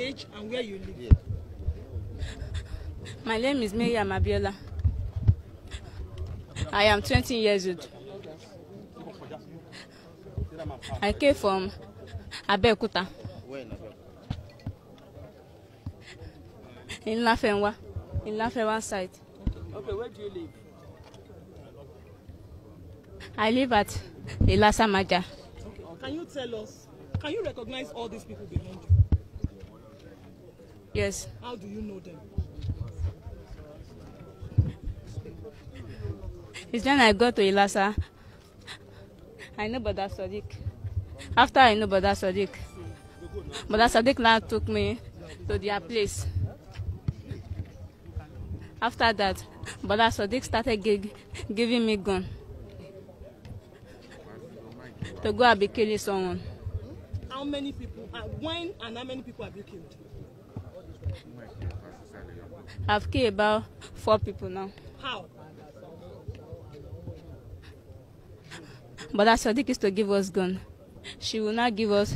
age, and where you live. My name is Mary Abiola. I am 20 years old. I came from Abeokuta. In Lafenwa, in Lafenwa side. Okay, where do you live? I live at Ilasamaja. Okay. Can you tell us, can you recognize all these people behind you? Yes. How do you know them? It's when I go to Ilasa. I know Brother Sadiq. After I know Brother Sadiq, Brother Sadiq now took me to their place. After that, Brother Sadiq started gig, giving me gun to go and be killing someone. How many people? Uh, when and how many people have you killed? I've killed about four people now. How? But that Sadiq is to give us gun. She will not give us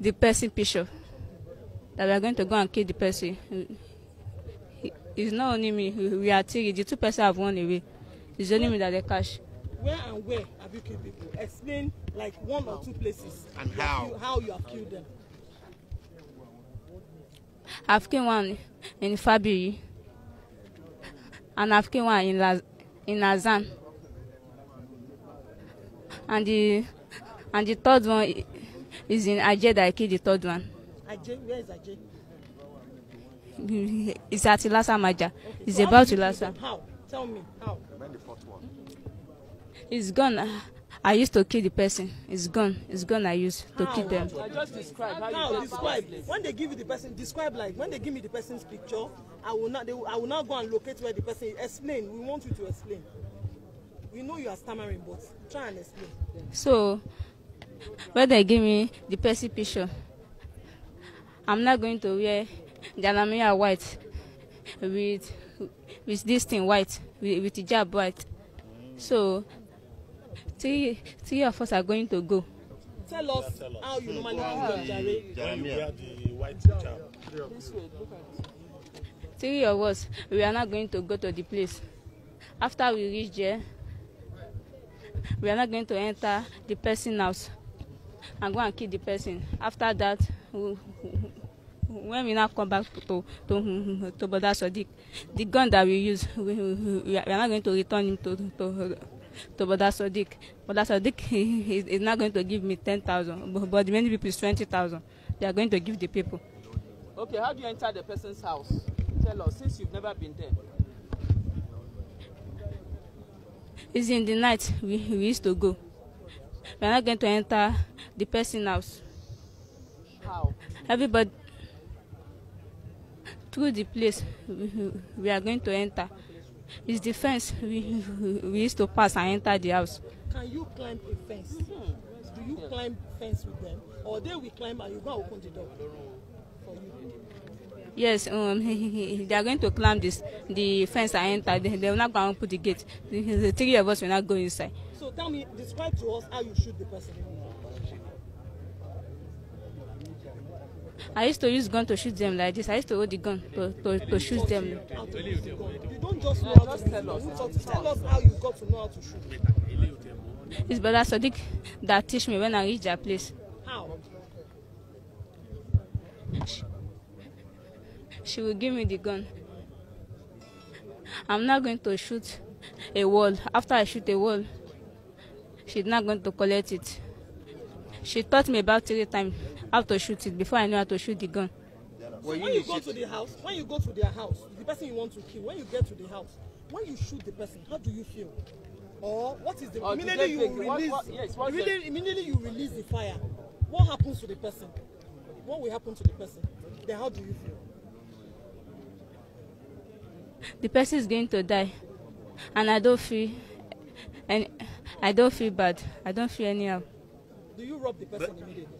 the person picture. That we are going to go and kill the person. It's not only me. We are three. The two person have run away. It's only me that they catch. Where and where have you killed people? Explain like one or two places. And how? You, how you have killed them. African one in Fabiyi and African one in, Laz- in Azan. And the, and the third one is in Ajay that I killed the third one. Ajay, where is Ajay? It's at Ilasa Maja. Okay. It's so about Ilasa. How? Tell me how. And then the fourth one. It's gone. I used to kill the person. It's gone. It's gone. I used to how? kill them. I just describe how, how you describe. When they give you the person, describe like when they give me the person's picture. I will not. They will, I will not go and locate where the person. Is. Explain. We want you to explain. We know you are stammering, but try and explain. So, when they give me the person picture, I'm not going to wear Janamia white with with this thing white with, with jab white. So three three of us are going to go. Tell us, yeah, tell us. how you normally do Jare. Jeremiah, the white teacher. Three of us, we are not going to go to the place. After we reach there, we are not going to enter the person's house and go and kill the person. After that, we, when we now come back to to to Brother Sadiq, the gun that we use, we, we, are not going to return him to to to Brother Sadiq. Brother Sadiq is, is not going to give me 10,000, but, but many people is 20,000. They are going to give the people. Okay, how do you enter the person's house? Tell us, since you've never been there. It's in the night we, we used to go. We are not going to enter the person's house. How? Everybody, through the place we, we are going to enter. His defense, we we used to pass and enter the house. can you climb a fence mm -hmm. do you climb fence with them or they will climb and you go open the door for you. yes um, they are going to climb this the fence and enter they, they will not go and put the gate the, the three of us will not go inside. so tell me describe to us how you shoot the person. I used to use gun to shoot them like this. I used to hold the gun to, to, to shoot them don't just tell us. to Tell us how you got to know how to shoot. It's brother Sadiq that teach me when I reach that place. How? She, she will give me the gun. I'm not going to shoot a wall. After I shoot a wall, she's not going to collect it. She taught me about three times how to shoot it before I know how to shoot the gun. So when you, you go to the house, when you go to their house, the person you want to kill, when you get to the house, when you shoot the person, how do you feel? Or what is the oh, immediately you release what, what, yes, what immediately, immediately you release the fire? What happens to the person? What will happen to the person? Then how do you feel? The person is going to die, and I don't feel, and I don't feel bad. I don't feel anyhow. Do you rob the person but, immediately?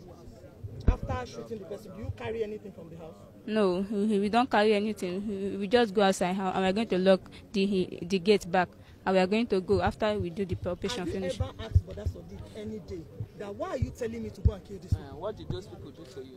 After shooting the person, do you carry anything from the house? No, we, don't carry anything. We, just go outside and we're going to lock the the gate back. And we are going to go after we do the palpation finish. Have you finish. ever asked Brother any day that why are you telling me to go and kill this uh, man? Uh, what did those people do to you?